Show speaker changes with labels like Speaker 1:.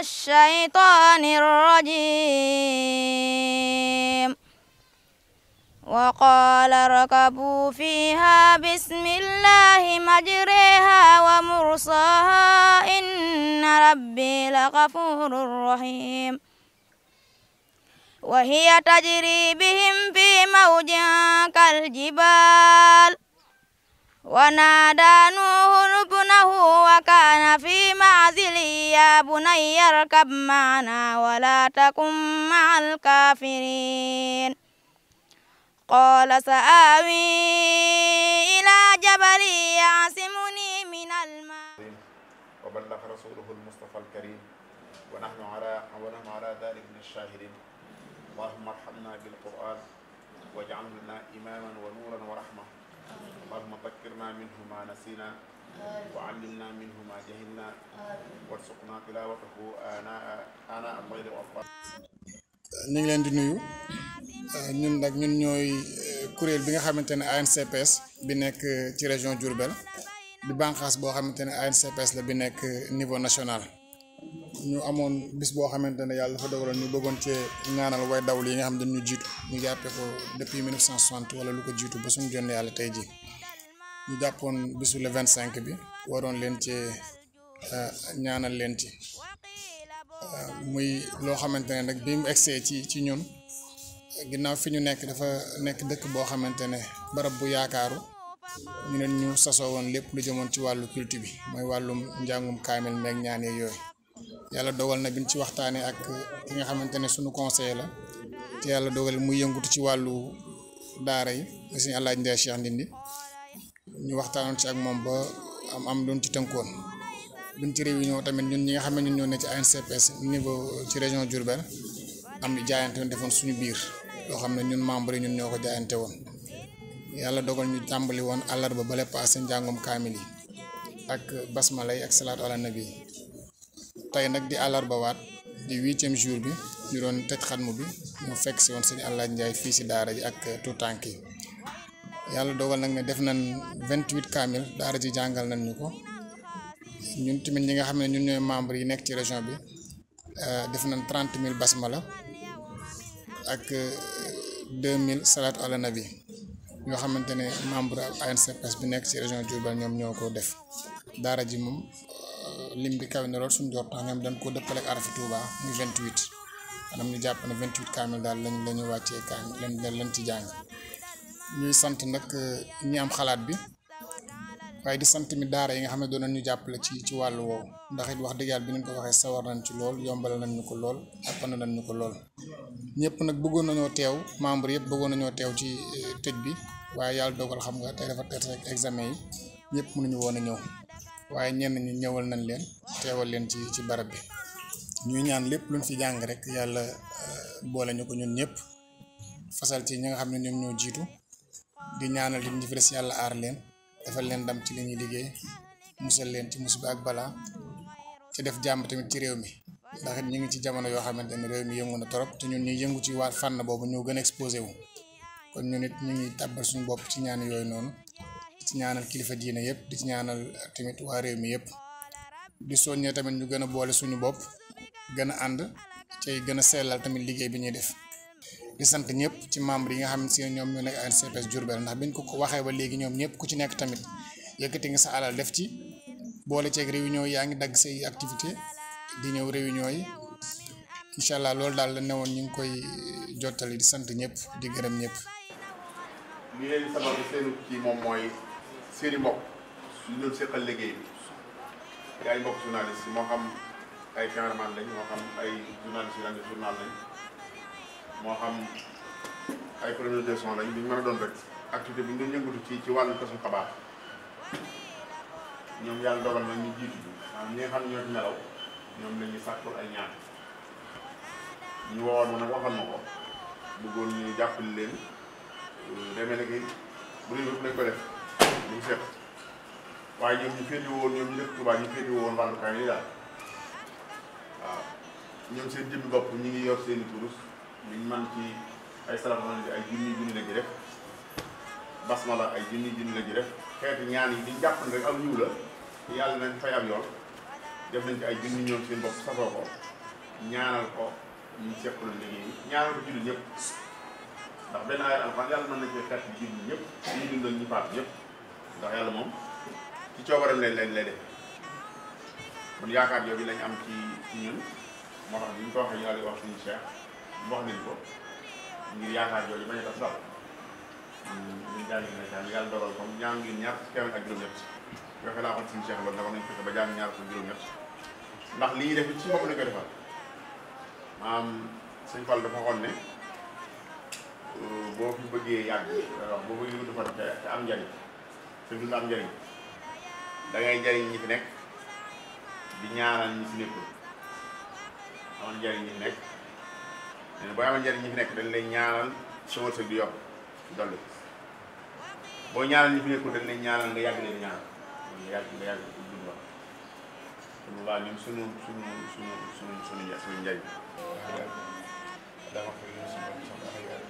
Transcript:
Speaker 1: الشيطان الرجيم وقال اركبوا فيها بسم الله مجريها ومرساها إن ربي لغفور رحيم وهي تجري بهم في موج كالجبال ونادى نوح ابنه وكان في يا بني اركب معنا ولا تكن مع الكافرين قال سآوي إلى جبل يعصمني من الماء
Speaker 2: وبلغ رسوله المصطفى الكريم ونحن على ونحن على ذلك من الشاهدين اللهم ارحمنا بالقرآن واجعل لنا إماما ونورا ورحمة اللهم ذكرنا منه ما نسينا وعلمنا ما جهلنا
Speaker 3: leen di nuyu euh, ñun nag ñun ñooy euh, kuréel bi nga xamante ne ANCPS bi nekk euh, ci région Diourbel di bànqaas boo xamante ne ANCPS la bi nekk niveau national ñu amoon bis boo xamante ne yàlla dafa dogaloon ñu bëggoon cee ñaanal way dawul yi nga xam ne ñu jiitu ñu jàppee ko depuis 1960 wala lu ko jiitu ba suñu jonn yàlla tey ji ñu jàppoon bisu le 25 bi waroon leen cee eh, ñaanal leen ci eh, muy loo xamante ne nag bi mu egsee ci ci ñun ginnaaw fi ñu nekk dafa nekk dëkk boo xamante ne barab bu yaakaaru ñu ne ñu sasoo woon lépp lu jëmoon ci wàllu culte bi mooy wàllum njàngum kaamil meeg ñaanee yooyu yàlla dogal na biñ ci waxtaanee ak ki nga xamante ne sunu conseil la te yàlla dogal muy yëngutu ci wàllu daara yi sëñ Alaaji Ndiaye Cheikh Ndindi ñu waxtaanoon ci ak moom ba am am doon ci tënkoon buñ ci réunion tamit ñun ñi nga xam ne ñun ñoo ne ci ANCPS niveau ci région Diourbel am di jaayante woon defoon suñu biir loo xam ne ñun membre yi ñun ñoo ko jaayante woon yàlla dogal ñu jàmbali woon àllarba bale passé njàngum kaamil yi ak basmala yi ak salaatu ala nabi tey nag di àllarba waat di huitième jour bi ñu doon teg xatmu bi ñu fekk si woon sëñ Alaaji Njaay fii si daara ji ak tuutànk yi yàlla dogal nag ne def nañ vingt huit kaamil daara ji jàngal nañ ñu ko ñun tamit ñi nga xam ne ñun ñooy membre yi nekk ci région bi euh, def nañ trent mille basmala ak euh, deux mille salatu ala nabi yoo xamante ne membre ANCPS bi nekk ci région Diourbel ñoom ñoo ko def daara ji moom euh, lim bi kawe na lool suñu jor tax ñoom dañ ko dëppale ak arafi Touba muy vingt huit maanaam ñu jàpp ne vingt huit kaamil daal lañ la ñu wàccee kaamil lañ lañ ci jàng. ñuy sant nag euh, ñi am xalaat bi waaye di sant mi daara yi nga xam ne doon nañu jàppale ci ci wàllu woowu ndax it wax dëgg bi ñu ko waxee sawar nañ ci lool yombal nañ ñu ko lool àppana nañ ñu ko lool. ñëpp nag bëggoon nañoo teew membre yëpp bëggoon nañoo teew ci euh, tëj bi waaye yàlla dogal xam nga tey dafa tëj rek examen yi ñëpp mënuñu woon a ñëw waaye ñenn ñi ñëwal nañ leen teewal leen ci ci barab bi ñuy ñaan lépp luñ fi jàng rek yàlla euh, boole ñu ko ñun ñëpp fasal ci ñi nga xam ne ñoom ñoo jiitu. di ñaanal di ñu fi si yàlla aar leen defal leen ndam ci li ñuy liggéey musal leen ci musiba ak balaa ci def jàmm tamit ci réew mi ndax it ñu ngi ci jamono yoo xamante ne réew yëngu na torop te ñun ñuy yëngu ci waa fànn boobu ñoo gën a exposé wu kon ñun it ñu ngi tàbbal suñu bopp ci ñaan yooyu noonu di ci ñaanal kilifa diine yëpp di ci tamit waa réew mi yëpp di soññee tamit ñu gën a boole suñu bopp gën a ànd cay gën a sellal tamit liggéey bi ñuy def. di sant ñëpp ci membre yi nga xam si ñoom ñoo nekk ANCPS Diourbel ndax biñ ko waxee ba léegi ñoom ñëpp ku ci nekk tamit te ngi sa alal def ci boole ceeg réunion yaa ngi dagg say activité di ñëw réunion yi incha allah loolu daal la woon ñu ngi koy jottali di sant ñëpp di gërëm ñëpp.
Speaker 2: li leen sababu seen moom mooy seeni mbokk ñu doon moo xam ay cameraman lañ moo xam ay journaliste yu journal lañ. moo xam ay communauté son lañ bi ñu mën a doon rek activité bi ñu doon yëngatu ci ci wàllu tasum xabaar ñoom yàlla dogal na ñu jiitu bi maanaam ñi xam ne ñoo ci ñoom la ñuy sàkkul ay ñaan ñu woowoon ma nag waxal ma ko bëggoon ñu jàppale leen demee na ki bu dee yëpp nañ ko def ñu seet waaye ñoom ñu féete woon ñoom ñu dëkk Touba ñu féete woon wàllu kaay yi daal waaw ñoom seen jëmmi bopp ñu ngi yor seen i turus liñ man ci ay salatu alayhi bi ay junni junni la ji rek basmala ay junni junni la ji rek xeeti ñaan yi diñ jàpp rek am yiw yàlla nañ fay am yoon def nañ ci ay junni ñoom seen bopp safoo ko ñaanal ko ñu seqaloon liggéey bi ñaanal ko jullit ñu ñu faatu ñëpp ndax yàlla moom ci coobaram lañ leen lay def kon yaakaar yooyu lañ am ci ci ñun moo tax bu ñu ko waxee ñu wax suñu cheikh wax nañ ko ngir yaakaar jooju bañ a tas dal ñun jàng nañ daal yàlla comme ñaan ngir ñaar fukki ak juróom-ñett ba jàng ñaar fukki ndax lii ñuy def ci bopp lañ koy defal maanaam sëñ Fall dafa waxoon euh, boo fi bëggee yàgg wax boo bëggee lu defar am njariñ te du am njariñ da ngay ñi fi nekk di ñaanal ñi fi nekkul amoon njariñ ñi fi nekk nee na boo amal njëriñ fi nekk dañ lay ñaanal sa wërsëg di yokk dolli boo ñaanal ñi fi nekkul dañ lay ñaanal nga yàgg leen ñaanal nga yàgg nga yàgg